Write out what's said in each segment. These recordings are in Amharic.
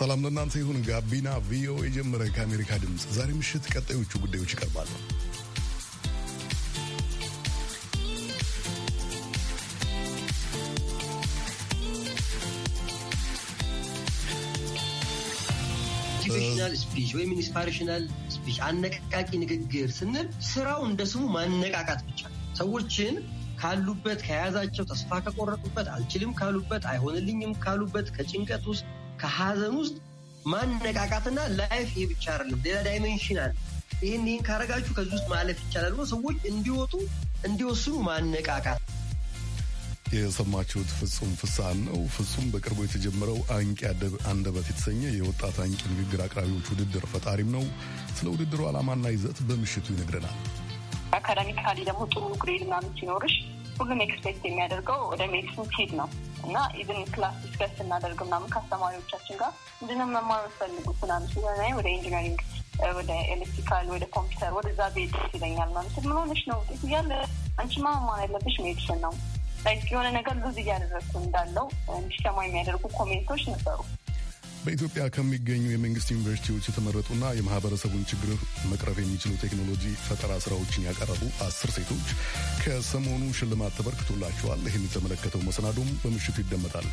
ሰላም ለእናንተ ይሁን። ጋቢና ቪኦኤ የጀመረ ከአሜሪካ ድምፅ ዛሬ ምሽት ቀጣዮቹ ጉዳዮች ይቀርባሉ። ኢንስፒሬሽናል ስፒች ወይም ኢንስፓሬሽናል ስፒች አነቃቂ ንግግር ስንል ስራው እንደ ስሙ ማነቃቃት ብቻ ሰዎችን ካሉበት ከያዛቸው ተስፋ ከቆረጡበት አልችልም ካሉበት አይሆንልኝም ካሉበት ከጭንቀት ውስጥ ከሀዘን ውስጥ ማነቃቃትና ላይፍ ይሄ ብቻ አይደለም፣ ሌላ ዳይመንሽን አለ። ይህን ይህን ካረጋችሁ ከዚህ ውስጥ ማለፍ ይቻላል ብሎ ሰዎች እንዲወጡ እንዲወስኑ ማነቃቃት የሰማችሁት ፍጹም ፍስሐን ነው። ፍጹም በቅርቡ የተጀመረው አንቂ አንደበት የተሰኘ የወጣት አንቂ ንግግር አቅራቢዎች ውድድር ፈጣሪም ነው። ስለ ውድድሩ ዓላማና ይዘት በምሽቱ ይነግረናል። አካዳሚካሊ ደግሞ ጥሩ ግሬድ ምናምን ሲኖርሽ ሁሉም ኤክስፔክት የሚያደርገው ወደ ሜዲሲን ሲድ ነው እና ኢቨን ክላስ ዲስከስ እናደርግ ምናምን ከአስተማሪዎቻችን ጋር እንድንም መማር ፈልጉ ትናንሽ ሆናይ ወደ ኢንጂነሪንግ ወደ ኤሌክትሪካል ወደ ኮምፒውተር ወደዛ ቤት ይለኛል ማለት ምን ሆነሽ ነው እያለ አንቺማ መማር ያለብሽ ሜዲሽን ነው ላይክ የሆነ ነገር ሉዝ እያደረግኩ እንዳለው እንዲሰማ የሚያደርጉ ኮሜንቶች ነበሩ። በኢትዮጵያ ከሚገኙ የመንግስት ዩኒቨርሲቲዎች የተመረጡና የማህበረሰቡን ችግር መቅረፍ የሚችሉ ቴክኖሎጂ ፈጠራ ስራዎችን ያቀረቡ አስር ሴቶች ከሰሞኑ ሽልማት ተበርክቶላቸዋል። ይህን የተመለከተው መሰናዶም በምሽቱ ይደመጣል።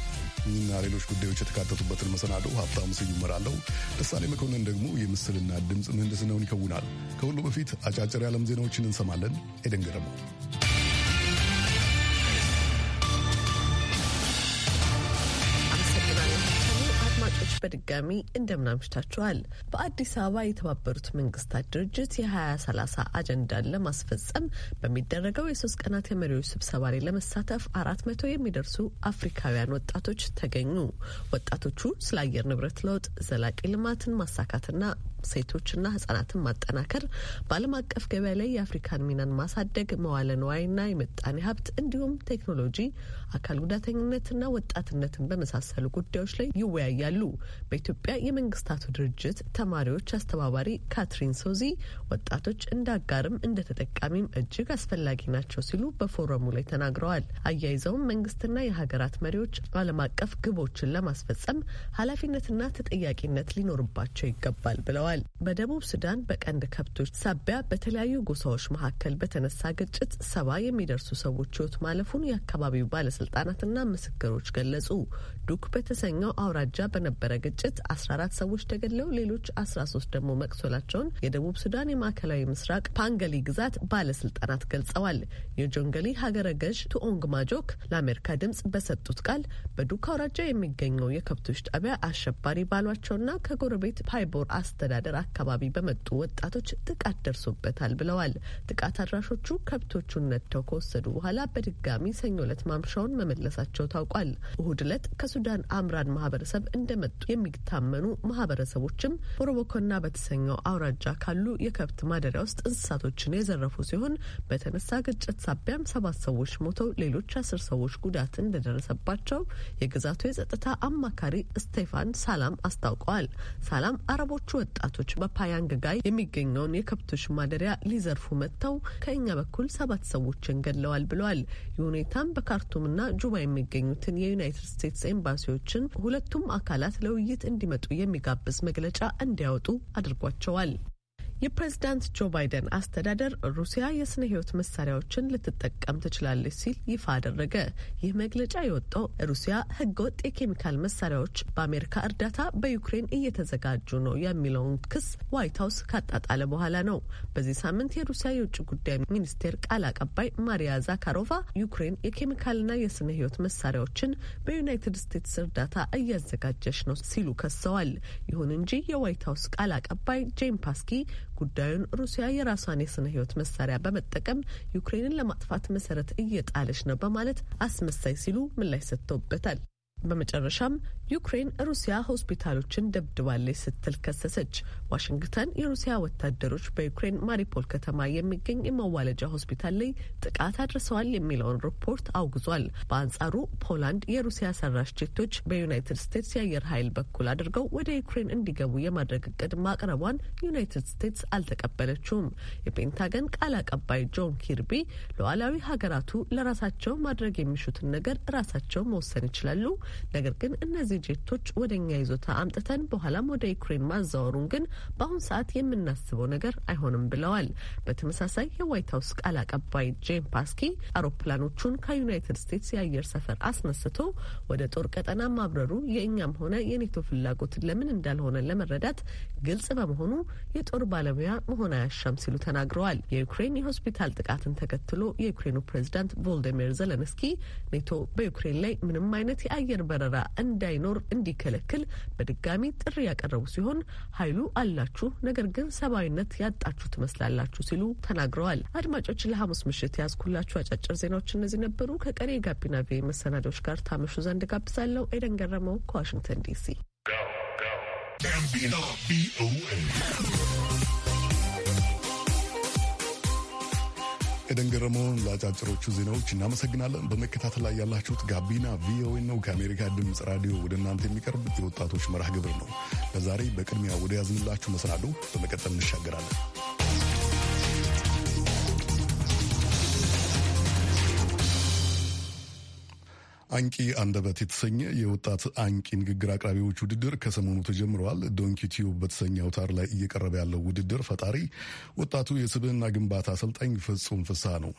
እኚህና ሌሎች ጉዳዮች የተካተቱበትን መሰናዶ ሀብታሙ ስዩም እመራለሁ። ደሳሌ መኮንን ደግሞ የምስልና ድምፅ ምህንድስናውን ይከውናል። ከሁሉ በፊት አጫጭር የዓለም ዜናዎችን እንሰማለን። ኤደን ገረመው በድጋሚ እንደምናምሽታችኋል። በአዲስ አበባ የተባበሩት መንግስታት ድርጅት የ2030 አጀንዳን ለማስፈጸም በሚደረገው የሶስት ቀናት የመሪዎች ስብሰባ ላይ ለመሳተፍ አራት መቶ የሚደርሱ አፍሪካውያን ወጣቶች ተገኙ። ወጣቶቹ ስለ አየር ንብረት ለውጥ ዘላቂ ልማትን ማሳካትና ሴቶችና ህጻናትን ማጠናከር፣ በዓለም አቀፍ ገበያ ላይ የአፍሪካን ሚናን ማሳደግ፣ መዋለ ንዋይና የምጣኔ ሀብት እንዲሁም ቴክኖሎጂ፣ አካል ጉዳተኝነትና ወጣትነትን በመሳሰሉ ጉዳዮች ላይ ይወያያሉ። በኢትዮጵያ የመንግስታቱ ድርጅት ተማሪዎች አስተባባሪ ካትሪን ሶዚ ወጣቶች እንደ አጋርም እንደ ተጠቃሚም እጅግ አስፈላጊ ናቸው ሲሉ በፎረሙ ላይ ተናግረዋል። አያይዘውም መንግስትና የሀገራት መሪዎች ዓለም አቀፍ ግቦችን ለማስፈጸም ኃላፊነትና ተጠያቂነት ሊኖርባቸው ይገባል ብለዋል። ብለዋል። በደቡብ ሱዳን በቀንድ ከብቶች ሳቢያ በተለያዩ ጎሳዎች መካከል በተነሳ ግጭት ሰባ የሚደርሱ ሰዎች ሕይወት ማለፉን የአካባቢው ባለስልጣናትና ምስክሮች ገለጹ። ዱክ በተሰኘው አውራጃ በነበረ ግጭት 14 ሰዎች ተገድለው ሌሎች 13 ደግሞ መቅሶላቸውን የደቡብ ሱዳን የማዕከላዊ ምስራቅ ፓንገሊ ግዛት ባለስልጣናት ገልጸዋል። የጆንገሊ ሀገረ ገዥ ቱኦንግ ማጆክ ለአሜሪካ ድምጽ በሰጡት ቃል በዱክ አውራጃ የሚገኘው የከብቶች ጣቢያ አሸባሪ ባሏቸውና ከጎረቤት ፓይቦር አስተዳደ አስተዳደር አካባቢ በመጡ ወጣቶች ጥቃት ደርሶበታል ብለዋል። ጥቃት አድራሾቹ ከብቶቹን ነድተው ከወሰዱ በኋላ በድጋሚ ሰኞ ለት ማምሻውን መመለሳቸው ታውቋል። እሁድ ዕለት ከሱዳን አምራን ማህበረሰብ እንደመጡ የሚታመኑ ማህበረሰቦችም ቦሮቦኮና በተሰኘው አውራጃ ካሉ የከብት ማደሪያ ውስጥ እንስሳቶችን የዘረፉ ሲሆን በተነሳ ግጭት ሳቢያም ሰባት ሰዎች ሞተው ሌሎች አስር ሰዎች ጉዳት እንደደረሰባቸው የግዛቱ የጸጥታ አማካሪ ስቴፋን ሳላም አስታውቀዋል። ሳላም አረቦቹ ወጣ ወጣቶች በፓያንግ ጋይ የሚገኘውን የከብቶች ማደሪያ ሊዘርፉ መጥተው ከእኛ በኩል ሰባት ሰዎችን ገድለዋል ብለዋል። ይህ ሁኔታም በካርቱምና ጁባ የሚገኙትን የዩናይትድ ስቴትስ ኤምባሲዎችን ሁለቱም አካላት ለውይይት እንዲመጡ የሚጋብዝ መግለጫ እንዲያወጡ አድርጓቸዋል። የፕሬዝዳንት ጆ ባይደን አስተዳደር ሩሲያ የስነ ህይወት መሳሪያዎችን ልትጠቀም ትችላለች ሲል ይፋ አደረገ። ይህ መግለጫ የወጣው ሩሲያ ህገወጥ የኬሚካል መሳሪያዎች በአሜሪካ እርዳታ በዩክሬን እየተዘጋጁ ነው የሚለውን ክስ ዋይት ሀውስ ካጣጣለ በኋላ ነው። በዚህ ሳምንት የሩሲያ የውጭ ጉዳይ ሚኒስቴር ቃል አቀባይ ማሪያ ዛካሮቫ ዩክሬን የኬሚካልና የስነ ህይወት መሳሪያዎችን በዩናይትድ ስቴትስ እርዳታ እያዘጋጀች ነው ሲሉ ከሰዋል። ይሁን እንጂ የዋይት ሀውስ ቃል አቀባይ ጄን ፓስኪ ጉዳዩን ሩሲያ የራሷን የስነ ህይወት መሳሪያ በመጠቀም ዩክሬንን ለማጥፋት መሰረት እየጣለች ነው በማለት አስመሳይ ሲሉ ምላሽ ሰጥተውበታል። በመጨረሻም ዩክሬን ሩሲያ ሆስፒታሎችን ደብድባለች ስትል ከሰሰች። ዋሽንግተን የሩሲያ ወታደሮች በዩክሬን ማሪፖል ከተማ የሚገኝ የመዋለጃ ሆስፒታል ላይ ጥቃት አድርሰዋል የሚለውን ሪፖርት አውግዟል። በአንጻሩ ፖላንድ የሩሲያ ሰራሽ ጄቶች በዩናይትድ ስቴትስ የአየር ኃይል በኩል አድርገው ወደ ዩክሬን እንዲገቡ የማድረግ እቅድ ማቅረቧን ዩናይትድ ስቴትስ አልተቀበለችውም። የፔንታገን ቃል አቀባይ ጆን ኪርቢ ሉዓላዊ ሀገራቱ ለራሳቸው ማድረግ የሚሹትን ነገር ራሳቸው መወሰን ይችላሉ ነገር ግን እነዚህ ጄቶች ወደ እኛ ይዞታ አምጥተን በኋላም ወደ ዩክሬን ማዛወሩን ግን በአሁን ሰዓት የምናስበው ነገር አይሆንም ብለዋል። በተመሳሳይ የዋይት ሀውስ ቃል አቀባይ ጄን ፓስኪ አውሮፕላኖቹን ከዩናይትድ ስቴትስ የአየር ሰፈር አስነስቶ ወደ ጦር ቀጠና ማብረሩ የእኛም ሆነ የኔቶ ፍላጎት ለምን እንዳልሆነ ለመረዳት ግልጽ በመሆኑ የጦር ባለሙያ መሆን አያሻም ሲሉ ተናግረዋል። የዩክሬን የሆስፒታል ጥቃትን ተከትሎ የዩክሬኑ ፕሬዚዳንት ቮልዲሚር ዘለንስኪ ኔቶ በዩክሬን ላይ ምንም አይነት የአየር የአየር በረራ እንዳይኖር እንዲከለክል በድጋሚ ጥሪ ያቀረቡ ሲሆን ኃይሉ አላችሁ፣ ነገር ግን ሰብአዊነት ያጣችሁ ትመስላላችሁ ሲሉ ተናግረዋል። አድማጮች ለሐሙስ ምሽት ያዝኩላችሁ አጫጭር ዜናዎች እነዚህ ነበሩ። ከቀሪ የጋቢና ቪ መሰናዶች ጋር ታመሹ ዘንድ ጋብዛለሁ። ኤደን ገረመው ከዋሽንግተን ዲሲ ኤደን ገረመውን ለአጫጭሮቹ ዜናዎች እናመሰግናለን። በመከታተል ላይ ያላችሁት ጋቢና ቪኦኤ ነው፣ ከአሜሪካ ድምፅ ራዲዮ ወደ እናንተ የሚቀርብ የወጣቶች መርሃ ግብር ነው። ለዛሬ በቅድሚያ ወደ ያዝንላችሁ መሰናዶ በመቀጠል እንሻገራለን። አንቂ አንደበት የተሰኘ የወጣት አንቂ ንግግር አቅራቢዎች ውድድር ከሰሞኑ ተጀምረዋል። ዶንኪ በተሰኘ አውታር ላይ እየቀረበ ያለው ውድድር ፈጣሪ ወጣቱ የስብዕና ግንባታ አሰልጣኝ ፍጹም ፍስሐ ነው።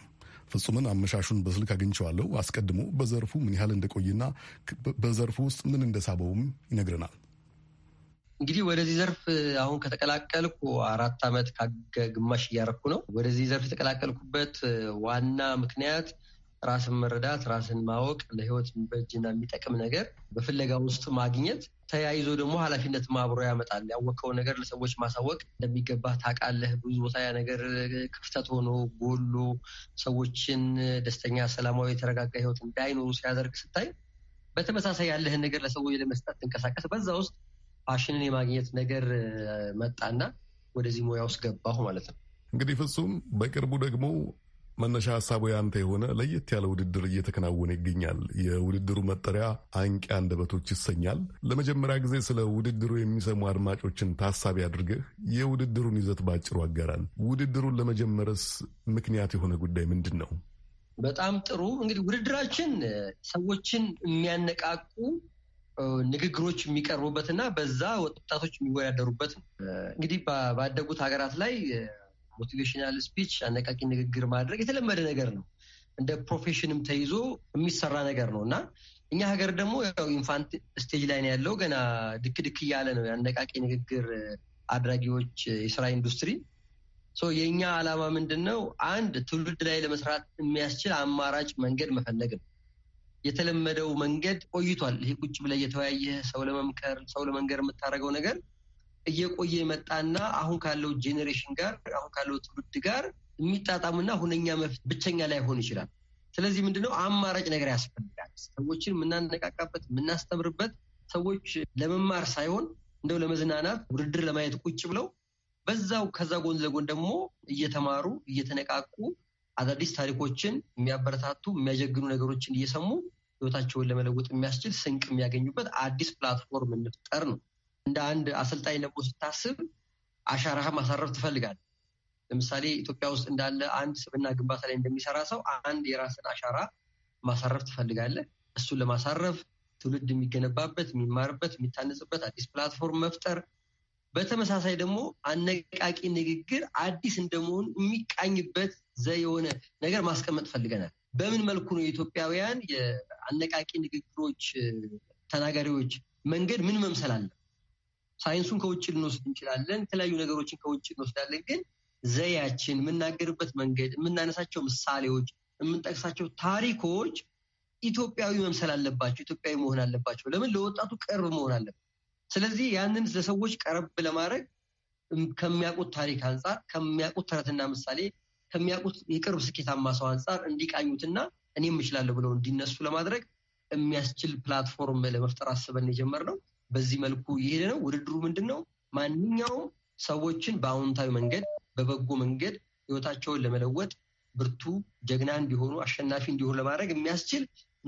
ፍጹምን አመሻሹን በስልክ አግኝቸዋለሁ። አስቀድሞ በዘርፉ ምን ያህል እንደቆየና በዘርፉ ውስጥ ምን እንደሳበውም ይነግረናል። እንግዲህ ወደዚህ ዘርፍ አሁን ከተቀላቀልኩ አራት ዓመት ከግማሽ እያረኩ ነው። ወደዚህ ዘርፍ የተቀላቀልኩበት ዋና ምክንያት ራስን መረዳት፣ ራስን ማወቅ ለህይወት በእጅና የሚጠቅም ነገር በፍለጋ ውስጥ ማግኘት ተያይዞ ደግሞ ኃላፊነት ማብሮ ያመጣል። ያወቀው ነገር ለሰዎች ማሳወቅ እንደሚገባ ታውቃለህ። ብዙ ቦታ ያ ነገር ክፍተት ሆኖ ጎሎ ሰዎችን ደስተኛ፣ ሰላማዊ፣ የተረጋጋ ህይወት እንዳይኖሩ ሲያደርግ ስታይ በተመሳሳይ ያለህን ነገር ለሰዎች ለመስጠት ትንቀሳቀስ። በዛ ውስጥ ፋሽንን የማግኘት ነገር መጣና ወደዚህ ሙያ ውስጥ ገባሁ ማለት ነው። እንግዲህ ፍጹም በቅርቡ ደግሞ መነሻ ሀሳቡ ያንተ የሆነ ለየት ያለ ውድድር እየተከናወነ ይገኛል። የውድድሩ መጠሪያ አንቂ አንደበቶች ይሰኛል። ለመጀመሪያ ጊዜ ስለ ውድድሩ የሚሰሙ አድማጮችን ታሳቢ አድርገህ የውድድሩን ይዘት ባጭሩ አጋራን። ውድድሩን ለመጀመርስ ምክንያት የሆነ ጉዳይ ምንድን ነው? በጣም ጥሩ። እንግዲህ ውድድራችን ሰዎችን የሚያነቃቁ ንግግሮች የሚቀርቡበትና በዛ ወጣቶች የሚወዳደሩበት ነው። እንግዲህ ባደጉት ሀገራት ላይ ሞቲቬሽናል ስፒች፣ አነቃቂ ንግግር ማድረግ የተለመደ ነገር ነው። እንደ ፕሮፌሽንም ተይዞ የሚሰራ ነገር ነው እና እኛ ሀገር ደግሞ ያው ኢንፋንት ስቴጅ ላይ ነው ያለው። ገና ድክ ድክ እያለ ነው የአነቃቂ ንግግር አድራጊዎች የስራ ኢንዱስትሪ። የእኛ አላማ ምንድን ነው? አንድ ትውልድ ላይ ለመስራት የሚያስችል አማራጭ መንገድ መፈለግ ነው። የተለመደው መንገድ ቆይቷል። ይሄ ቁጭ ብለህ እየተወያየህ ሰው ለመምከር ሰው ለመንገር የምታደርገው ነገር እየቆየ የመጣና አሁን ካለው ጄኔሬሽን ጋር አሁን ካለው ትውልድ ጋር የሚጣጣምና ሁነኛ መፍትሄ ብቸኛ ላይሆን ይችላል። ስለዚህ ምንድነው አማራጭ ነገር ያስፈልጋል። ሰዎችን የምናነቃቃበት የምናስተምርበት፣ ሰዎች ለመማር ሳይሆን እንደው ለመዝናናት ውድድር ለማየት ቁጭ ብለው በዛው ከዛ ጎን ለጎን ደግሞ እየተማሩ እየተነቃቁ አዳዲስ ታሪኮችን የሚያበረታቱ የሚያጀግኑ ነገሮችን እየሰሙ ህይወታቸውን ለመለወጥ የሚያስችል ስንቅ የሚያገኙበት አዲስ ፕላትፎርም እንፍጠር ነው። እንደ አንድ አሰልጣኝ ደግሞ ስታስብ አሻራህ ማሳረፍ ትፈልጋል። ለምሳሌ ኢትዮጵያ ውስጥ እንዳለ አንድ ስብና ግንባታ ላይ እንደሚሰራ ሰው አንድ የራስን አሻራ ማሳረፍ ትፈልጋለህ። እሱን ለማሳረፍ ትውልድ የሚገነባበት፣ የሚማርበት፣ የሚታነጽበት አዲስ ፕላትፎርም መፍጠር፣ በተመሳሳይ ደግሞ አነቃቂ ንግግር አዲስ እንደመሆኑ የሚቃኝበት ዘይ የሆነ ነገር ማስቀመጥ ፈልገናል። በምን መልኩ ነው የኢትዮጵያውያን የአነቃቂ ንግግሮች ተናጋሪዎች መንገድ ምን መምሰል አለ? ሳይንሱን ከውጭ ልንወስድ እንችላለን። የተለያዩ ነገሮችን ከውጭ እንወስዳለን። ግን ዘያችን፣ የምናገርበት መንገድ፣ የምናነሳቸው ምሳሌዎች፣ የምንጠቅሳቸው ታሪኮች ኢትዮጵያዊ መምሰል አለባቸው። ኢትዮጵያዊ መሆን አለባቸው። ለምን? ለወጣቱ ቅርብ መሆን አለባቸው። ስለዚህ ያንን ለሰዎች ቀረብ ለማድረግ ከሚያውቁት ታሪክ አንጻር፣ ከሚያውቁት ተረትና ምሳሌ፣ ከሚያውቁት የቅርብ ስኬታማ ሰው አንጻር እንዲቃኙትና እኔም እችላለሁ ብለው እንዲነሱ ለማድረግ የሚያስችል ፕላትፎርም ለመፍጠር አስበን የጀመርነው በዚህ መልኩ እየሄደ ነው። ውድድሩ ምንድን ነው? ማንኛውም ሰዎችን በአዎንታዊ መንገድ በበጎ መንገድ ህይወታቸውን ለመለወጥ ብርቱ ጀግና እንዲሆኑ አሸናፊ እንዲሆኑ ለማድረግ የሚያስችል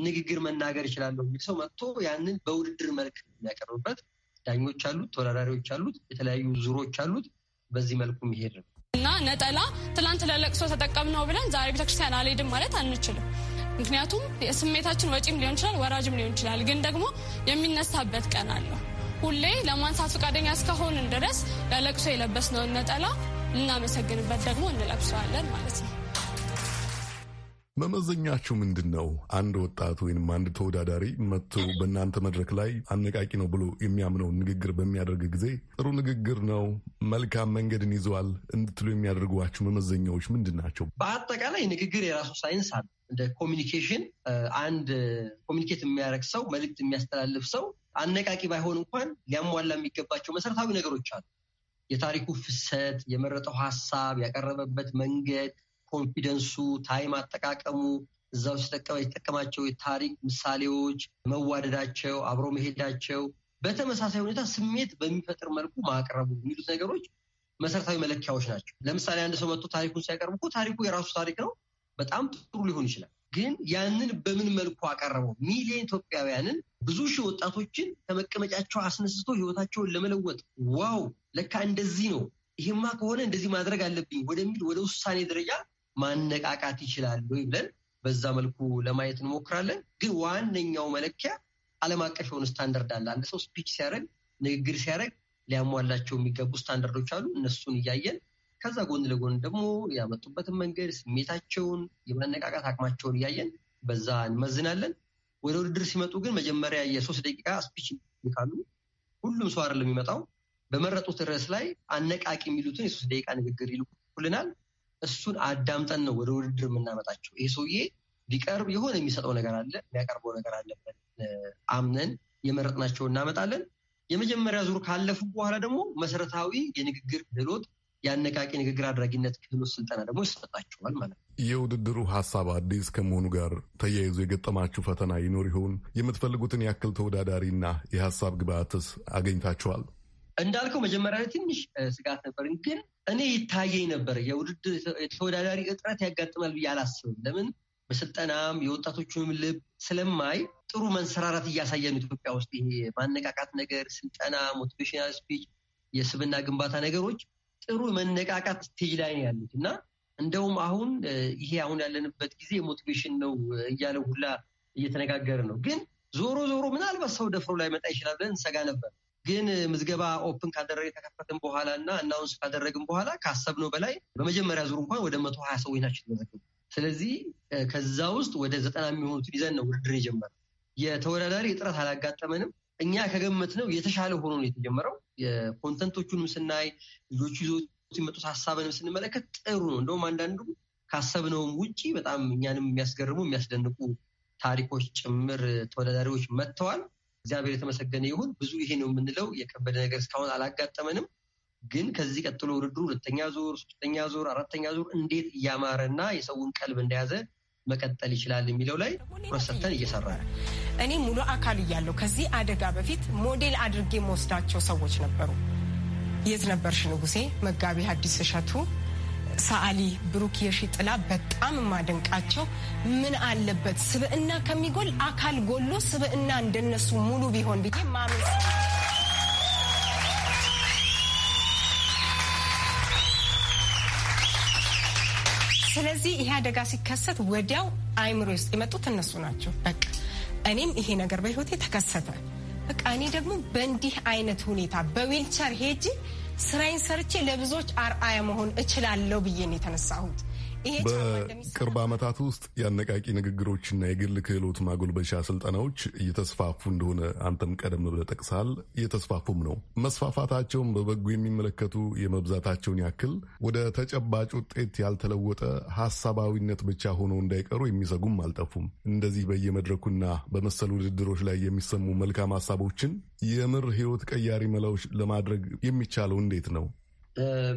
ንግግር መናገር ይችላለሁ የሚል ሰው መጥቶ ያንን በውድድር መልክ የሚያቀርብበት ዳኞች አሉት፣ ተወዳዳሪዎች አሉት፣ የተለያዩ ዙሮች አሉት። በዚህ መልኩ የሚሄድ ነው እና ነጠላ ትላንት ለለቅሶ ተጠቀምነው ብለን ዛሬ ቤተክርስቲያን አልሄድም ማለት አንችልም። ምክንያቱም ስሜታችን ወጪም ሊሆን ይችላል፣ ወራጅም ሊሆን ይችላል። ግን ደግሞ የሚነሳበት ቀን አለው። ሁሌ ለማንሳት ፈቃደኛ እስከሆንን ድረስ ለለቅሶ የለበስነውን ነጠላ ልናመሰግንበት ደግሞ እንለብሰዋለን ማለት ነው። መመዘኛችሁ ምንድን ነው? አንድ ወጣት ወይም አንድ ተወዳዳሪ መጥቶ በእናንተ መድረክ ላይ አነቃቂ ነው ብሎ የሚያምነውን ንግግር በሚያደርግ ጊዜ ጥሩ ንግግር ነው፣ መልካም መንገድን ይዘዋል እንድትሉ የሚያደርጓችሁ መመዘኛዎች ምንድን ናቸው? በአጠቃላይ ንግግር የራሱ ሳይንስ አለ። እንደ ኮሚኒኬሽን አንድ ኮሚኒኬት የሚያደርግ ሰው መልክት የሚያስተላልፍ ሰው አነቃቂ ባይሆን እንኳን ሊያሟላ የሚገባቸው መሰረታዊ ነገሮች አሉ። የታሪኩ ፍሰት፣ የመረጠው ሀሳብ፣ ያቀረበበት መንገድ ኮንፊደንሱ፣ ታይም አጠቃቀሙ እዛው የተጠቀማቸው የታሪክ ምሳሌዎች፣ መዋደዳቸው፣ አብሮ መሄዳቸው በተመሳሳይ ሁኔታ ስሜት በሚፈጥር መልኩ ማቅረቡ የሚሉት ነገሮች መሰረታዊ መለኪያዎች ናቸው። ለምሳሌ አንድ ሰው መጥቶ ታሪኩን ሲያቀርብ እኮ ታሪኩ የራሱ ታሪክ ነው። በጣም ጥሩ ሊሆን ይችላል። ግን ያንን በምን መልኩ አቀረበው? ሚሊዮን ኢትዮጵያውያንን ብዙ ሺህ ወጣቶችን ከመቀመጫቸው አስነስቶ ህይወታቸውን ለመለወጥ ዋው፣ ለካ እንደዚህ ነው፣ ይሄማ ከሆነ እንደዚህ ማድረግ አለብኝ ወደሚል ወደ ውሳኔ ደረጃ ማነቃቃት ይችላል ወይ ብለን በዛ መልኩ ለማየት እንሞክራለን። ግን ዋነኛው መለኪያ ዓለም አቀፍ የሆኑ ስታንዳርድ አለ። አንድ ሰው ስፒች ሲያደርግ ንግግር ሲያደርግ ሊያሟላቸው የሚገቡ ስታንዳርዶች አሉ። እነሱን እያየን ከዛ ጎን ለጎን ደግሞ ያመጡበትን መንገድ፣ ስሜታቸውን፣ የማነቃቃት አቅማቸውን እያየን በዛ እንመዝናለን። ወደ ውድድር ሲመጡ ግን መጀመሪያ የሶስት ደቂቃ ስፒች ይካሉ። ሁሉም ሰው አይደለም የሚመጣው። በመረጡት ርዕስ ላይ አነቃቂ የሚሉትን የሶስት ደቂቃ ንግግር ይልኩልናል። እሱን አዳምጠን ነው ወደ ውድድር የምናመጣቸው። ይህ ሰውዬ ቢቀርብ የሆነ የሚሰጠው ነገር አለ፣ የሚያቀርበው ነገር አለበት አምነን የመረጥናቸው እናመጣለን። የመጀመሪያ ዙር ካለፉ በኋላ ደግሞ መሰረታዊ የንግግር ክህሎት የአነቃቂ ንግግር አድራጊነት ክህሎት ስልጠና ደግሞ ይሰጣቸዋል ማለት ነው። የውድድሩ ሀሳብ አዲስ ከመሆኑ ጋር ተያይዞ የገጠማችሁ ፈተና ይኖር ይሆን? የምትፈልጉትን ያክል ተወዳዳሪና የሀሳብ ግብአትስ አገኝታችኋል? እንዳልከው መጀመሪያ ላይ ትንሽ ስጋት ነበር፣ ግን እኔ ይታየኝ ነበር የውድድር ተወዳዳሪ እጥረት ያጋጥማል ብዬ አላስብም። ለምን በስልጠናም የወጣቶቹንም ልብ ስለማይ ጥሩ መንሰራራት እያሳየ ነው ኢትዮጵያ ውስጥ ይሄ ማነቃቃት ነገር፣ ስልጠና፣ ሞቲቬሽናል ስፒች፣ የስብና ግንባታ ነገሮች ጥሩ መነቃቃት ስቴጅ ላይ ነው ያሉት እና እንደውም አሁን ይሄ አሁን ያለንበት ጊዜ ሞቲቬሽን ነው እያለ ሁላ እየተነጋገረ ነው። ግን ዞሮ ዞሮ ምናልባት ሰው ደፍሮ ላይ መጣ ይችላል ብለን እንሰጋ ነበር። ግን ምዝገባ ኦፕን ካደረገ ከከፈትን በኋላ እና እናውንስ ካደረግን በኋላ ካሰብነው በላይ በመጀመሪያ ዙር እንኳን ወደ መቶ ሀያ ሰዎች ናቸው የተመዘገቡ። ስለዚህ ከዛ ውስጥ ወደ ዘጠና የሚሆኑትን ይዘን ነው ውድድር የጀመረው። የተወዳዳሪ እጥረት አላጋጠመንም። እኛ ከገመት ነው የተሻለ ሆኖ ነው የተጀመረው። የኮንተንቶቹንም ስናይ ልጆቹ ይዞ ሲመጡት ሀሳብንም ስንመለከት ጥሩ ነው። እንደውም አንዳንዱ ካሰብነውም ውጭ በጣም እኛንም የሚያስገርሙ የሚያስደንቁ ታሪኮች ጭምር ተወዳዳሪዎች መጥተዋል። እግዚአብሔር የተመሰገነ ይሁን። ብዙ ይሄ ነው የምንለው የከበደ ነገር እስካሁን አላጋጠመንም። ግን ከዚህ ቀጥሎ ውድድሩ ሁለተኛ ዙር፣ ሶስተኛ ዙር፣ አራተኛ ዙር እንዴት እያማረ ና የሰውን ቀልብ እንደያዘ መቀጠል ይችላል የሚለው ላይ ሰተን እየሰራ ነው። እኔ ሙሉ አካል እያለው ከዚህ አደጋ በፊት ሞዴል አድርጌ መወስዳቸው ሰዎች ነበሩ። የት ነበርሽ ንጉሴ፣ መጋቢ ሐዲስ እሸቱ ሰዓሊ ብሩክ የሺጥላ በጣም ማደንቃቸው ምን አለበት ስብዕና ከሚጎል አካል ጎሎ ስብዕና እንደነሱ ሙሉ ቢሆን ብዬ ማመስ ስለዚህ ይሄ አደጋ ሲከሰት ወዲያው አይምሮ ውስጥ የመጡት እነሱ ናቸው። በቃ እኔም ይሄ ነገር በህይወቴ ተከሰተ። በቃ እኔ ደግሞ በእንዲህ አይነት ሁኔታ በዊልቸር ሄጂ ስራዬን ሰርቼ ለብዙዎች አርአያ መሆን እችላለሁ ብዬ ነው የተነሳሁት። በቅርብ ዓመታት ውስጥ የአነቃቂ ንግግሮችና የግል ክህሎት ማጎልበሻ ስልጠናዎች እየተስፋፉ እንደሆነ አንተም ቀደም ብለህ ጠቅሰሃል። እየተስፋፉም ነው። መስፋፋታቸውን በበጎ የሚመለከቱ የመብዛታቸውን ያክል ወደ ተጨባጭ ውጤት ያልተለወጠ ሀሳባዊነት ብቻ ሆኖ እንዳይቀሩ የሚሰጉም አልጠፉም። እንደዚህ በየመድረኩና በመሰሉ ውድድሮች ላይ የሚሰሙ መልካም ሀሳቦችን የምር ህይወት ቀያሪ መላዎች ለማድረግ የሚቻለው እንዴት ነው?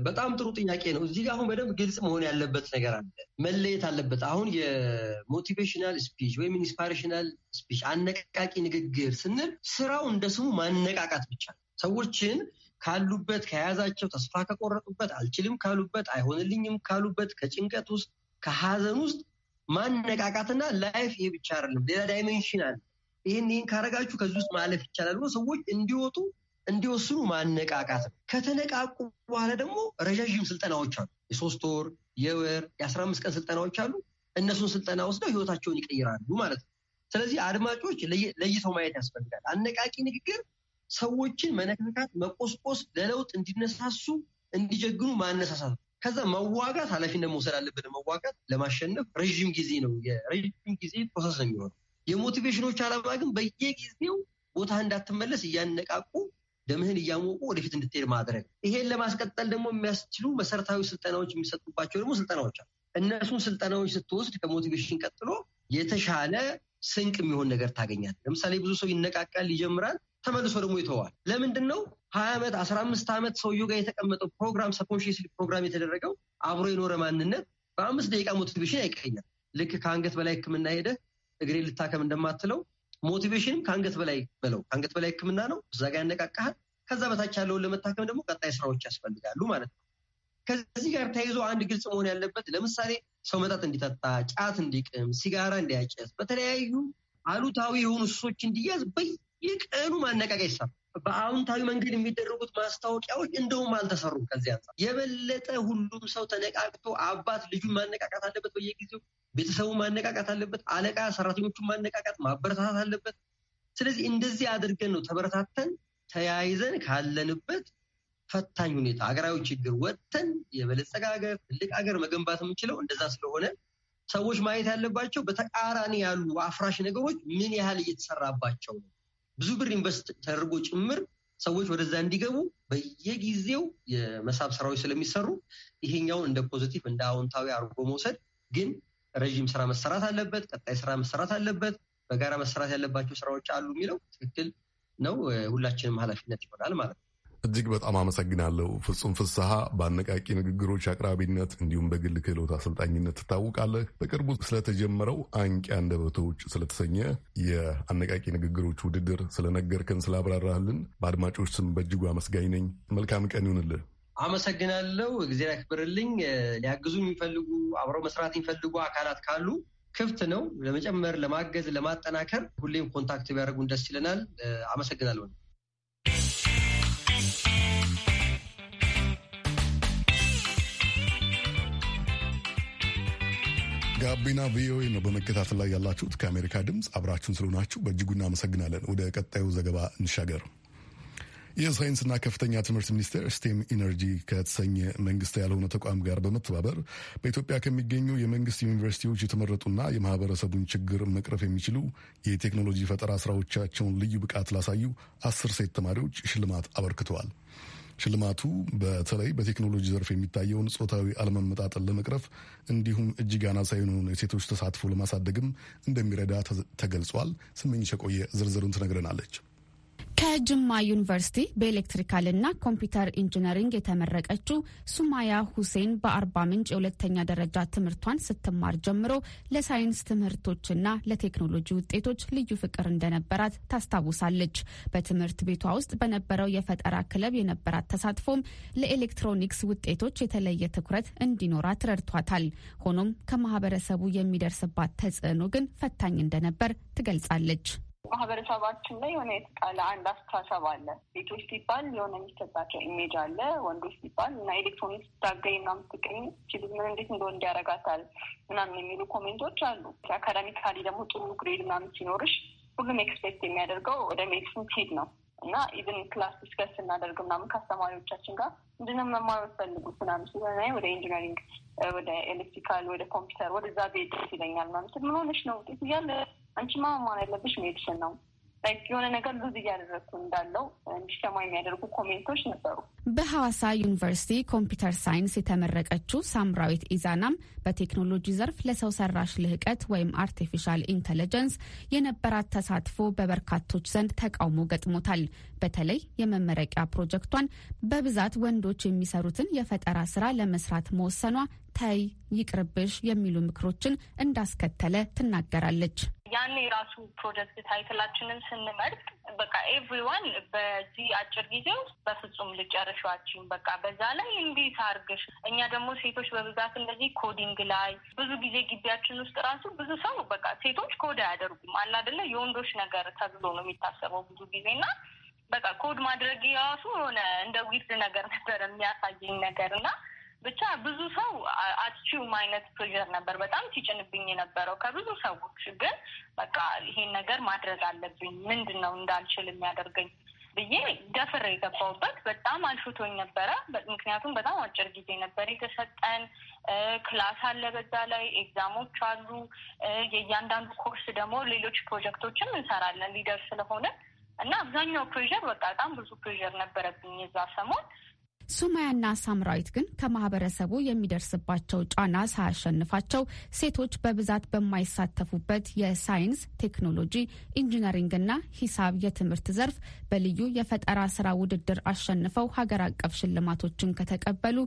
በጣም ጥሩ ጥያቄ ነው። እዚህ ጋር አሁን በደንብ ግልጽ መሆን ያለበት ነገር አለ፣ መለየት አለበት። አሁን የሞቲቬሽናል ስፒች ወይም ኢንስፓሬሽናል ስፒች አነቃቂ ንግግር ስንል ስራው እንደ ስሙ ማነቃቃት ብቻ ነው። ሰዎችን ካሉበት ከያዛቸው ተስፋ ከቆረጡበት፣ አልችልም ካሉበት፣ አይሆንልኝም ካሉበት፣ ከጭንቀት ውስጥ ከሀዘን ውስጥ ማነቃቃትና ላይፍ ይሄ ብቻ አይደለም፣ ሌላ ዳይሜንሽን አለ። ይህን ይህን ካረጋችሁ ከዚህ ውስጥ ማለፍ ይቻላል ብሎ ሰዎች እንዲወጡ እንዲወስኑ ማነቃቃት ነው። ከተነቃቁ በኋላ ደግሞ ረዣዥም ስልጠናዎች አሉ። የሶስት ወር፣ የወር፣ የአስራ አምስት ቀን ስልጠናዎች አሉ። እነሱን ስልጠና ወስደው ህይወታቸውን ይቀይራሉ ማለት ነው። ስለዚህ አድማጮች ለይተው ማየት ያስፈልጋል። አነቃቂ ንግግር ሰዎችን መነካካት፣ መቆስቆስ፣ ለለውጥ እንዲነሳሱ እንዲጀግኑ ማነሳሳት ነው። ከዛ መዋጋት ኃላፊነት መውሰድ አለብን። መዋጋት ለማሸነፍ ረዥም ጊዜ ነው፣ የረዥም ጊዜ ፕሮሰስ ነው የሚሆነው። የሞቲቬሽኖች አላማ ግን በየጊዜው ቦታ እንዳትመለስ እያነቃቁ ደምህን እያሞቁ ወደፊት እንድትሄድ ማድረግ። ይሄን ለማስቀጠል ደግሞ የሚያስችሉ መሰረታዊ ስልጠናዎች የሚሰጡባቸው ደግሞ ስልጠናዎች አሉ። እነሱን ስልጠናዎች ስትወስድ ከሞቲቬሽን ቀጥሎ የተሻለ ስንቅ የሚሆን ነገር ታገኛል። ለምሳሌ ብዙ ሰው ይነቃቃል፣ ይጀምራል፣ ተመልሶ ደግሞ ይተዋል። ለምንድን ነው ሀያ ዓመት አስራ አምስት ዓመት ሰውየው ጋር የተቀመጠው ፕሮግራም ሰብኮንሽስ ፕሮግራም የተደረገው አብሮ የኖረ ማንነት በአምስት ደቂቃ ሞቲቬሽን አይቀየም። ልክ ከአንገት በላይ ሕክምና ሄደ እግሬ ልታከም እንደማትለው ሞቲቬሽንም ከአንገት በላይ በለው። ከአንገት በላይ ህክምና ነው፣ እዛ ጋር ያነቃቃሃል። ከዛ በታች ያለውን ለመታከም ደግሞ ቀጣይ ስራዎች ያስፈልጋሉ ማለት ነው። ከዚህ ጋር ተያይዞ አንድ ግልጽ መሆን ያለበት ለምሳሌ ሰው መጠጥ እንዲጠጣ፣ ጫት እንዲቅም፣ ሲጋራ እንዲያጨስ፣ በተለያዩ አሉታዊ የሆኑ ሱሶች እንዲያዝ በየቀኑ ማነቃቂያ ይሰራል። በአዎንታዊ መንገድ የሚደረጉት ማስታወቂያዎች እንደውም አልተሰሩም። ከዚህ አንጻር የበለጠ ሁሉም ሰው ተነቃቅቶ አባት ልጁን ማነቃቃት አለበት፣ በየጊዜው ቤተሰቡ ማነቃቃት አለበት፣ አለቃ ሰራተኞቹን ማነቃቃት ማበረታታት አለበት። ስለዚህ እንደዚህ አድርገን ነው ተበረታተን ተያይዘን ካለንበት ፈታኝ ሁኔታ ሀገራዊ ችግር ወጥተን የበለጸገ ሀገር ትልቅ ሀገር መገንባት የምንችለው እንደዛ ስለሆነ ሰዎች ማየት ያለባቸው በተቃራኒ ያሉ አፍራሽ ነገሮች ምን ያህል እየተሰራባቸው ነው ብዙ ብር ኢንቨስት ተደርጎ ጭምር ሰዎች ወደዛ እንዲገቡ በየጊዜው የመሳብ ስራዎች ስለሚሰሩ ይሄኛውን እንደ ፖዚቲቭ እንደ አዎንታዊ አድርጎ መውሰድ ግን ረዥም ስራ መሰራት አለበት፣ ቀጣይ ስራ መሰራት አለበት፣ በጋራ መሰራት ያለባቸው ስራዎች አሉ የሚለው ትክክል ነው። ሁላችንም ኃላፊነት ይሆናል ማለት ነው። እጅግ በጣም አመሰግናለሁ። ፍጹም ፍስሐ በአነቃቂ ንግግሮች አቅራቢነት እንዲሁም በግል ክህሎት አሰልጣኝነት ትታወቃለህ። በቅርቡ ስለተጀመረው አንቂ አንደበቶች ስለተሰኘ የአነቃቂ ንግግሮች ውድድር ስለነገርከን፣ ስላብራራህልን በአድማጮች ስም በእጅጉ አመስጋኝ ነኝ። መልካም ቀን ይሁንልህ። አመሰግናለሁ። እግዜር ያክብርልኝ። ሊያግዙ የሚፈልጉ አብረው መስራት የሚፈልጉ አካላት ካሉ ክፍት ነው። ለመጨመር፣ ለማገዝ፣ ለማጠናከር ሁሌም ኮንታክት ቢያደርጉን ደስ ይለናል። አመሰግናለሁ። ጋቢና ቪኦኤ ነው በመከታተል ላይ ያላችሁት። ከአሜሪካ ድምፅ አብራችሁን ስለሆናችሁ በእጅጉ እናመሰግናለን። ወደ ቀጣዩ ዘገባ እንሻገር። የሳይንስና ከፍተኛ ትምህርት ሚኒስቴር ስቴም ኢነርጂ ከተሰኘ መንግስት ያልሆነ ተቋም ጋር በመተባበር በኢትዮጵያ ከሚገኙ የመንግስት ዩኒቨርሲቲዎች የተመረጡና የማህበረሰቡን ችግር መቅረፍ የሚችሉ የቴክኖሎጂ ፈጠራ ስራዎቻቸውን ልዩ ብቃት ላሳዩ አስር ሴት ተማሪዎች ሽልማት አበርክተዋል። ሽልማቱ በተለይ በቴክኖሎጂ ዘርፍ የሚታየውን ጾታዊ አለመመጣጠን ለመቅረፍ እንዲሁም እጅግ አናሳ የሆነውን የሴቶች ተሳትፎ ለማሳደግም እንደሚረዳ ተገልጿል። ስመኝሽ የቆየ ዝርዝሩን ትነግረናለች። ከጅማ ዩኒቨርሲቲ በኤሌክትሪካልና ኮምፒውተር ኢንጂነሪንግ የተመረቀችው ሱማያ ሁሴን በአርባ ምንጭ የሁለተኛ ደረጃ ትምህርቷን ስትማር ጀምሮ ለሳይንስ ትምህርቶችና ለቴክኖሎጂ ውጤቶች ልዩ ፍቅር እንደነበራት ታስታውሳለች። በትምህርት ቤቷ ውስጥ በነበረው የፈጠራ ክለብ የነበራት ተሳትፎም ለኤሌክትሮኒክስ ውጤቶች የተለየ ትኩረት እንዲኖራት ረድቷታል። ሆኖም ከማህበረሰቡ የሚደርስባት ተጽዕኖ ግን ፈታኝ እንደነበር ትገልጻለች። ማህበረሰባችን ላይ የሆነ የተጣለ አንድ አስተሳሰብ አለ። ቤቶች ሲባል የሆነ የሚሰጣቸው ኢሜጅ አለ። ወንዶች ሲባል እና ኤሌክትሮኒክስ ስታገኝ እና ምትገኝ ችል ምን እንዴት እንደ ወንድ እንዲያረጋታል ምናምን የሚሉ ኮሜንቶች አሉ። አካዳሚካሊ ደግሞ ጥሩ ግሬድ ምናምን ሲኖርሽ ሁሉም ኤክስፔክት የሚያደርገው ወደ ሜዲሲን ሲሄድ ነው እና ኢቨን ክላስ ዲስከስ ስናደርግ ምናምን ከአስተማሪዎቻችን ጋር እንድንም መማር የምትፈልጉት ምናምን ሲሆነ ወደ ኢንጂነሪንግ፣ ወደ ኤሌክትሪካል፣ ወደ ኮምፒውተር ወደዛ ቤድ ይለኛል ማለት ምን ሆነሽ ነው ውጤት እያለ አንቺ መሆን ያለብሽ ሜዲሽን ነው የሆነ ነገር ሉዝ እያደረግኩ እንዳለው እንዲሰማ የሚያደርጉ ኮሜንቶች ነበሩ። በሐዋሳ ዩኒቨርሲቲ ኮምፒውተር ሳይንስ የተመረቀችው ሳምራዊት ኢዛናም በቴክኖሎጂ ዘርፍ ለሰው ሰራሽ ልህቀት ወይም አርቲፊሻል ኢንተለጀንስ የነበራት ተሳትፎ በበርካቶች ዘንድ ተቃውሞ ገጥሞታል። በተለይ የመመረቂያ ፕሮጀክቷን በብዛት ወንዶች የሚሰሩትን የፈጠራ ስራ ለመስራት መወሰኗ ተይ ይቅርብሽ የሚሉ ምክሮችን እንዳስከተለ ትናገራለች። ያኔ የራሱ ፕሮጀክት ታይትላችንን ስንመርጥ በቃ ኤቭሪዋን በዚህ አጭር ጊዜ ውስጥ በፍጹም ልጨርሻችን በቃ በዛ ላይ እንዲህ ታርግሽ። እኛ ደግሞ ሴቶች በብዛት እንደዚህ ኮዲንግ ላይ ብዙ ጊዜ ግቢያችን ውስጥ ራሱ ብዙ ሰው በቃ ሴቶች ኮድ አያደርጉም አለ አይደለ የወንዶች ነገር ተብሎ ነው የሚታሰበው ብዙ ጊዜ ና በቃ ኮድ ማድረግ የራሱ የሆነ እንደ ዊርድ ነገር ነበር የሚያሳየኝ ነገር እና ብቻ ብዙ ሰው አትችውም አይነት ፕሬዠር ነበር በጣም ሲጭንብኝ የነበረው ከብዙ ሰዎች። ግን በቃ ይሄን ነገር ማድረግ አለብኝ፣ ምንድን ነው እንዳልችል የሚያደርገኝ ብዬ ደፍር የገባውበት በጣም አልፍቶኝ ነበረ። ምክንያቱም በጣም አጭር ጊዜ ነበር የተሰጠን። ክላስ አለ፣ በዛ ላይ ኤግዛሞች አሉ። የእያንዳንዱ ኮርስ ደግሞ ሌሎች ፕሮጀክቶችም እንሰራለን ሊደር ስለሆነ እና አብዛኛው ፕሬዠር በቃ በጣም ብዙ ፕሬዠር ነበረብኝ የዛ ሰሞን ሱማያና ሳምራዊት ግን ከማህበረሰቡ የሚደርስባቸው ጫና ሳያሸንፋቸው ሴቶች በብዛት በማይሳተፉበት የሳይንስ ቴክኖሎጂ፣ ኢንጂነሪንግና ሂሳብ የትምህርት ዘርፍ በልዩ የፈጠራ ስራ ውድድር አሸንፈው ሀገር አቀፍ ሽልማቶችን ከተቀበሉ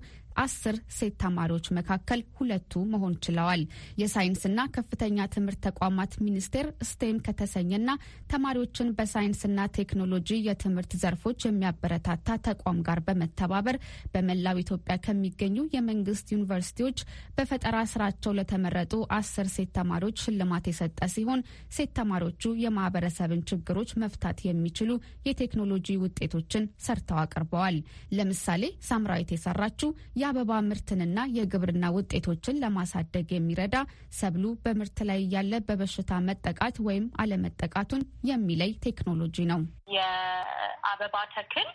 አስር ሴት ተማሪዎች መካከል ሁለቱ መሆን ችለዋል። የሳይንስና ከፍተኛ ትምህርት ተቋማት ሚኒስቴር ስቴም ከተሰኘና ተማሪዎችን በሳይንስና ቴክኖሎጂ የትምህርት ዘርፎች የሚያበረታታ ተቋም ጋር በመተባበር ማህበር በመላው ኢትዮጵያ ከሚገኙ የመንግስት ዩኒቨርሲቲዎች በፈጠራ ስራቸው ለተመረጡ አስር ሴት ተማሪዎች ሽልማት የሰጠ ሲሆን ሴት ተማሪዎቹ የማህበረሰብን ችግሮች መፍታት የሚችሉ የቴክኖሎጂ ውጤቶችን ሰርተው አቅርበዋል። ለምሳሌ ሳምራዊት የሰራችው የአበባ ምርትንና የግብርና ውጤቶችን ለማሳደግ የሚረዳ ሰብሉ በምርት ላይ እያለ በበሽታ መጠቃት ወይም አለመጠቃቱን የሚለይ ቴክኖሎጂ ነው። የአበባ ተክል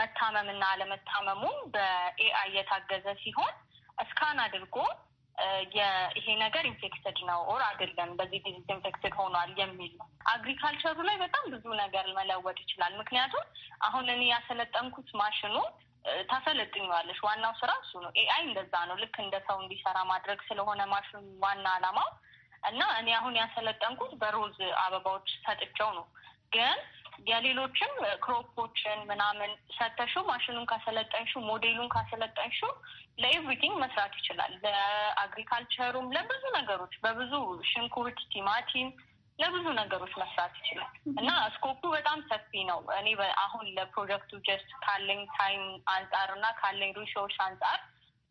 መታመምና አለመታመሙ በኤአይ የታገዘ ሲሆን እስካን አድርጎ ይሄ ነገር ኢንፌክትድ ነው ኦር አይደለም፣ በዚህ ዲዚዝ ኢንፌክትድ ሆኗል የሚል ነው። አግሪካልቸሩ ላይ በጣም ብዙ ነገር መለወጥ ይችላል። ምክንያቱም አሁን እኔ ያሰለጠንኩት ማሽኑ ታሰለጥኛዋለች። ዋናው ስራ እሱ ነው። ኤአይ እንደዛ ነው። ልክ እንደ ሰው እንዲሰራ ማድረግ ስለሆነ ማሽኑ ዋና አላማው እና እኔ አሁን ያሰለጠንኩት በሮዝ አበባዎች ሰጥቸው ነው ግን የሌሎችም ክሮፖችን ምናምን ሰተሹ ማሽኑን ካሰለጠንሹ ሞዴሉን ካሰለጠንሹ ለኤቭሪቲንግ መስራት ይችላል። ለአግሪካልቸሩም፣ ለብዙ ነገሮች በብዙ ሽንኩርት፣ ቲማቲም ለብዙ ነገሮች መስራት ይችላል እና ስኮፑ በጣም ሰፊ ነው። እኔ አሁን ለፕሮጀክቱ ጀስት ካለኝ ታይም አንጻር እና ካለኝ ሪሶርስ አንጻር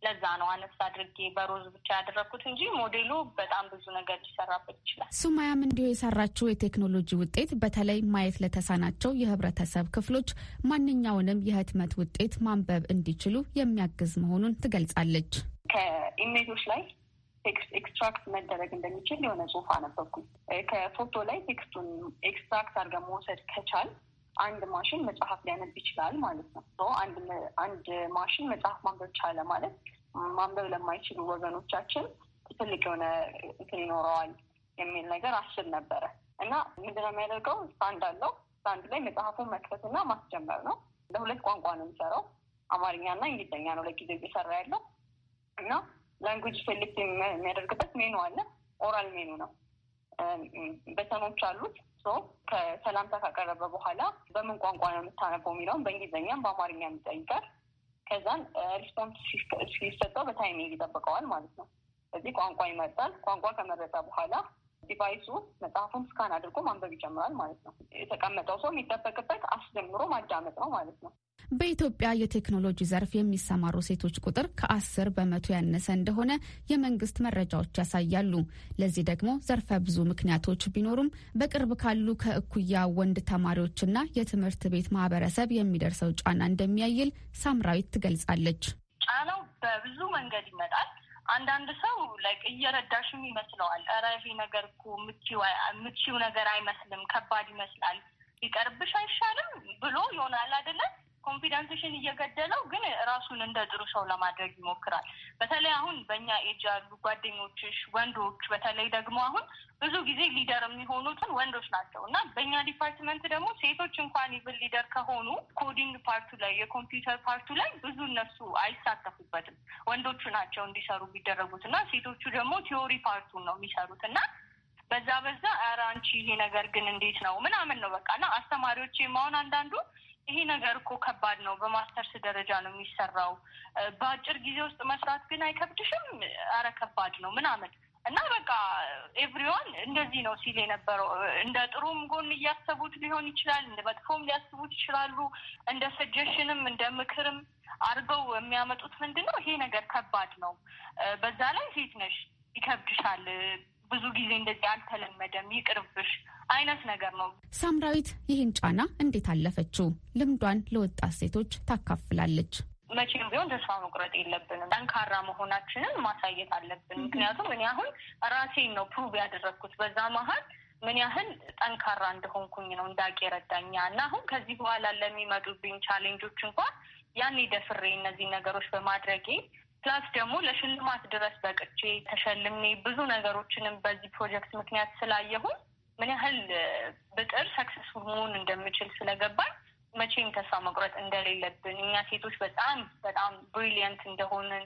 ለዛ ነው አነስ አድርጌ በሮዝ ብቻ ያደረግኩት እንጂ ሞዴሉ በጣም ብዙ ነገር ሊሰራበት ይችላል። ሱማያም እንዲሁ የሰራችው የቴክኖሎጂ ውጤት በተለይ ማየት ለተሳናቸው የህብረተሰብ ክፍሎች ማንኛውንም የህትመት ውጤት ማንበብ እንዲችሉ የሚያግዝ መሆኑን ትገልጻለች። ከኢሜጆች ላይ ቴክስት ኤክስትራክት መደረግ እንደሚችል የሆነ ጽሁፍ አነበብኩኝ። ከፎቶ ላይ ቴክስቱን ኤክስትራክት አድርገን መውሰድ ከቻል አንድ ማሽን መጽሐፍ ሊያነብ ይችላል ማለት ነው። አንድ ማሽን መጽሐፍ ማንበብ ቻለ ማለት ማንበብ ለማይችሉ ወገኖቻችን ትልቅ የሆነ እንትን ይኖረዋል የሚል ነገር አስብ ነበረ እና ምንድነው የሚያደርገው ስታንድ አለው። ስታንድ ላይ መጽሐፉን መክፈትና ማስጀመር ነው። ለሁለት ቋንቋ ነው የሚሰራው አማርኛና እንግሊዝኛ ነው ለጊዜው እየሰራ ያለው እና ላንጉጅ ሴሌክት የሚያደርግበት ሜኑ አለ። ኦራል ሜኑ ነው። በተኖች አሉት ከሰላምታ ካቀረበ በኋላ በምን ቋንቋ ነው የምታነበው የሚለውን በእንግሊዝኛም በአማርኛ ይጠይቃል። ከዛን ሪስፖንስ ሲሰጠው በታይሚንግ ይጠብቀዋል ማለት ነው። እዚህ ቋንቋ ይመርጣል። ቋንቋ ከመረጠ በኋላ ዲቫይሱ መጽሐፉን ስካን አድርጎ ማንበብ ይጀምራል ማለት ነው። የተቀመጠው ሰው የሚጠበቅበት አስጀምሮ ማዳመጥ ነው ማለት ነው። በኢትዮጵያ የቴክኖሎጂ ዘርፍ የሚሰማሩ ሴቶች ቁጥር ከአስር በመቶ ያነሰ እንደሆነ የመንግስት መረጃዎች ያሳያሉ። ለዚህ ደግሞ ዘርፈ ብዙ ምክንያቶች ቢኖሩም በቅርብ ካሉ ከእኩያ ወንድ ተማሪዎችና የትምህርት ቤት ማህበረሰብ የሚደርሰው ጫና እንደሚያይል ሳምራዊት ትገልጻለች። ጫናው በብዙ መንገድ ይመጣል። አንዳንድ ሰው ላይክ እየረዳሽም ይመስለዋል። ረቪ ነገር እኮ ምቺው ነገር አይመስልም፣ ከባድ ይመስላል፣ ይቀርብሽ አይሻልም ብሎ ይሆናል አይደለም ኮንፊደንስሽን እየገደለው ግን ራሱን እንደ ጥሩ ሰው ለማድረግ ይሞክራል። በተለይ አሁን በእኛ ኤጅ ያሉ ጓደኞችሽ ወንዶች፣ በተለይ ደግሞ አሁን ብዙ ጊዜ ሊደር የሚሆኑትን ወንዶች ናቸው እና በእኛ ዲፓርትመንት ደግሞ ሴቶች እንኳን ይብል ሊደር ከሆኑ ኮዲንግ ፓርቱ ላይ የኮምፒውተር ፓርቱ ላይ ብዙ እነሱ አይሳተፉበትም። ወንዶቹ ናቸው እንዲሰሩ የሚደረጉት እና ሴቶቹ ደግሞ ቲዮሪ ፓርቱን ነው የሚሰሩት እና በዛ በዛ ኧረ አንቺ ይሄ ነገር ግን እንዴት ነው ምናምን ነው በቃ እና አስተማሪዎች ማሆን አንዳንዱ ይሄ ነገር እኮ ከባድ ነው። በማስተርስ ደረጃ ነው የሚሰራው። በአጭር ጊዜ ውስጥ መስራት ግን አይከብድሽም? አረ ከባድ ነው ምናምን እና በቃ ኤቭሪዋን እንደዚህ ነው ሲል የነበረው። እንደ ጥሩም ጎን እያሰቡት ሊሆን ይችላል፣ እንደ መጥፎም ሊያስቡት ይችላሉ። እንደ ሰጀሽንም እንደ ምክርም አድርገው የሚያመጡት ምንድን ነው፣ ይሄ ነገር ከባድ ነው፣ በዛ ላይ ሴት ነሽ፣ ይከብድሻል፣ ብዙ ጊዜ እንደዚህ አልተለመደም፣ ይቅርብሽ አይነት ነገር ነው። ሳምራዊት ይህን ጫና እንዴት አለፈችው? ልምዷን ለወጣት ሴቶች ታካፍላለች። መቼም ቢሆን ተስፋ መቁረጥ የለብንም። ጠንካራ መሆናችንን ማሳየት አለብን። ምክንያቱም እኔ አሁን ራሴን ነው ፕሩቭ ያደረግኩት። በዛ መሀል ምን ያህል ጠንካራ እንደሆንኩኝ ነው እንዳቅ የረዳኛ እና አሁን ከዚህ በኋላ ለሚመጡብኝ ቻሌንጆች እንኳን ያኔ ደፍሬ እነዚህ ነገሮች በማድረጌ ፕላስ ደግሞ ለሽልማት ድረስ በቅቼ ተሸልሜ ብዙ ነገሮችንም በዚህ ፕሮጀክት ምክንያት ስላየሁን ምን ያህል ብጥር ሰክሰስፉል መሆን እንደምችል ስለገባኝ መቼም ተስፋ መቁረጥ እንደሌለብን እኛ ሴቶች በጣም በጣም ብሪሊየንት እንደሆንን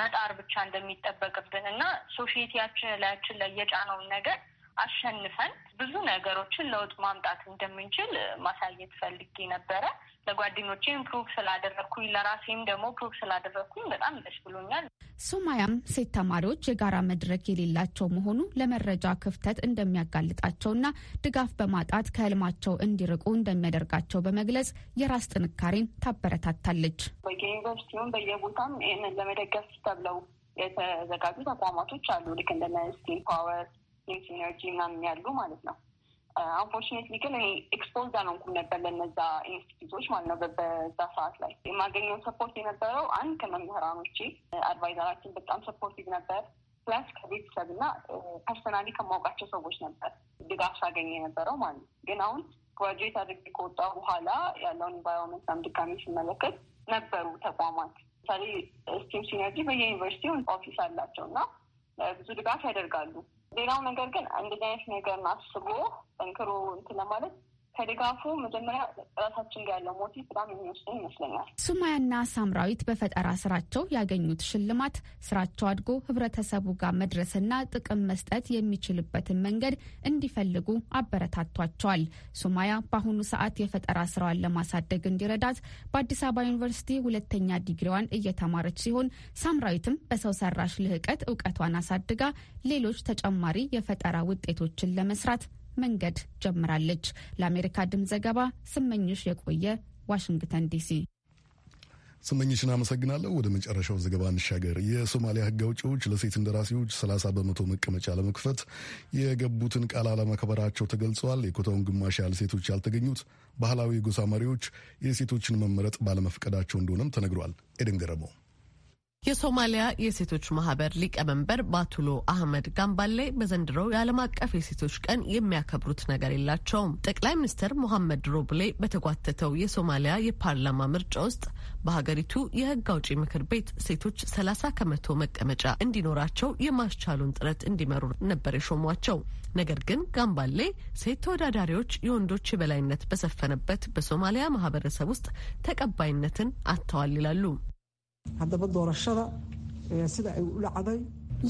መጣር ብቻ እንደሚጠበቅብን እና ሶሽቲያችን ላያችን ላይ የጫነውን ነገር አሸንፈን ብዙ ነገሮችን ለውጥ ማምጣት እንደምንችል ማሳየት ፈልጌ ነበረ። ለጓደኞቼም ፕሩቭ ስላደረግኩኝ ለራሴም ደግሞ ፕሩቭ ስላደረግኩኝ በጣም ደስ ብሎኛል። ሱማያም ሴት ተማሪዎች የጋራ መድረክ የሌላቸው መሆኑ ለመረጃ ክፍተት እንደሚያጋልጣቸውና ድጋፍ በማጣት ከህልማቸው እንዲርቁ እንደሚያደርጋቸው በመግለጽ የራስ ጥንካሬን ታበረታታለች። በየዩኒቨርሲቲውም በየቦታም ይህንን ለመደገፍ ተብለው የተዘጋጁ ተቋማቶች አሉ ልክ እንደነ ስቲም ፓወር ሴንስ ኤነርጂ ምናምን ያሉ ማለት ነው። አንፎርችኔትሊ uh, ግን እኔ ኤክስፖዝድ አልሆንኩም ነበር ለነዛ ኢንስቲትዩቶች ማለት ነው። በዛ ሰዓት ላይ የማገኘው ሰፖርት የነበረው አንድ ከመምህራኖቼ አድቫይዘራችን በጣም ሰፖርቲቭ ነበር። ፕላስ ከቤተሰብ እና ፐርሰናሊ uh, ከማውቃቸው ሰዎች ነበር ድጋፍ ሳገኝ የነበረው ማለት ነው። ግን አሁን ግራጁዌት አድርጌ ከወጣ በኋላ ያለውን ኢንቫይሮንመንት ም ድጋሚ ስመለከት ነበሩ ተቋማት ለምሳሌ uh, ስቲም ሲነርጂ በየዩኒቨርሲቲው ኦፊስ አላቸው እና ብዙ ድጋፍ ያደርጋሉ ሌላው ነገር ግን እንደዚህ አይነት ነገር አስቦ ጠንክሮ እንትን ለማለት ከድጋፉ መጀመሪያ ራሳችን ጋር ያለው ሞቲቭ በጣም የሚወስን ይመስለኛል። ሱማያና ሳምራዊት በፈጠራ ስራቸው ያገኙት ሽልማት ስራቸው አድጎ ህብረተሰቡ ጋር መድረስና ጥቅም መስጠት የሚችልበትን መንገድ እንዲፈልጉ አበረታቷቸዋል። ሱማያ በአሁኑ ሰዓት የፈጠራ ስራዋን ለማሳደግ እንዲረዳት በአዲስ አበባ ዩኒቨርሲቲ ሁለተኛ ዲግሪዋን እየተማረች ሲሆን ሳምራዊትም በሰው ሰራሽ ልህቀት እውቀቷን አሳድጋ ሌሎች ተጨማሪ የፈጠራ ውጤቶችን ለመስራት መንገድ ጀምራለች። ለአሜሪካ ድምፅ ዘገባ ስመኝሽ የቆየ ዋሽንግተን ዲሲ። ስመኝሽን አመሰግናለሁ። ወደ መጨረሻው ዘገባ እንሻገር። የሶማሊያ ሕግ አውጪዎች ለሴት እንደራሴዎች 30 በመቶ መቀመጫ ለመክፈት የገቡትን ቃል አለመከበራቸው ተገልጸዋል። የኮታውን ግማሽ ያህል ሴቶች ያልተገኙት ባህላዊ የጎሳ መሪዎች የሴቶችን መመረጥ ባለመፍቀዳቸው እንደሆነም ተነግሯል። ኤደን ገረመው የሶማሊያ የሴቶች ማህበር ሊቀመንበር ባቱሎ አህመድ ጋምባሌ በዘንድሮው የዓለም አቀፍ የሴቶች ቀን የሚያከብሩት ነገር የላቸውም። ጠቅላይ ሚኒስትር ሞሐመድ ሮብሌ በተጓተተው የሶማሊያ የፓርላማ ምርጫ ውስጥ በሀገሪቱ የህግ አውጪ ምክር ቤት ሴቶች 30 ከመቶ መቀመጫ እንዲኖራቸው የማስቻሉን ጥረት እንዲመሩ ነበር የሾሟቸው። ነገር ግን ጋምባሌ ሴት ተወዳዳሪዎች የወንዶች የበላይነት በሰፈነበት በሶማሊያ ማህበረሰብ ውስጥ ተቀባይነትን አጥተዋል ይላሉ። haddaba doorashada sida ay u dhacday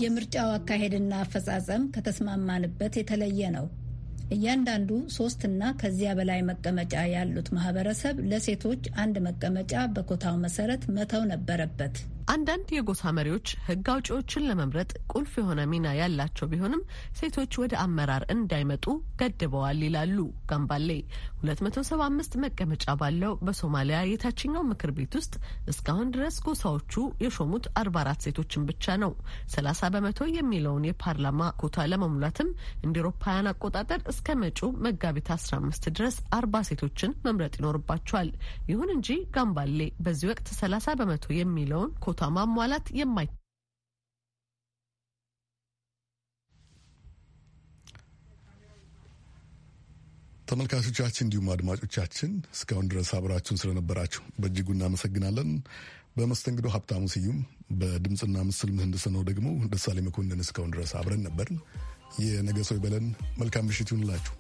የምርጫው አካሄድና አፈጻጸም ከተስማማንበት የተለየ ነው። እያንዳንዱ ሶስትና ከዚያ በላይ መቀመጫ ያሉት ማህበረሰብ ለሴቶች አንድ መቀመጫ በኮታው መሰረት መተው ነበረበት። አንዳንድ የጎሳ መሪዎች ህግ አውጪዎችን ለመምረጥ ቁልፍ የሆነ ሚና ያላቸው ቢሆንም ሴቶች ወደ አመራር እንዳይመጡ ገድበዋል ይላሉ ጋምባሌ። 275 መቀመጫ ባለው በሶማሊያ የታችኛው ምክር ቤት ውስጥ እስካሁን ድረስ ጎሳዎቹ የሾሙት 44 ሴቶችን ብቻ ነው። 30 በመቶ የሚለውን የፓርላማ ኮታ ለመሙላትም እንደ አውሮፓውያን አቆጣጠር እስከ መጪው መጋቢት 15 ድረስ 40 ሴቶችን መምረጥ ይኖርባቸዋል። ይሁን እንጂ ጋምባሌ በዚህ ወቅት 30 በመቶ የሚለውን ፍላጎቷ ማሟላት የማይ ተመልካቾቻችን እንዲሁም አድማጮቻችን እስካሁን ድረስ አብራችሁን ስለነበራችሁ በእጅጉ እናመሰግናለን። በመስተንግዶ ሀብታሙ ስዩም፣ በድምፅና ምስል ምህንድስና ነው ደግሞ ደሳሌ መኮንን። እስካሁን ድረስ አብረን ነበርን። የነገ ሰው ይበለን። መልካም ምሽት ይሁንላችሁ።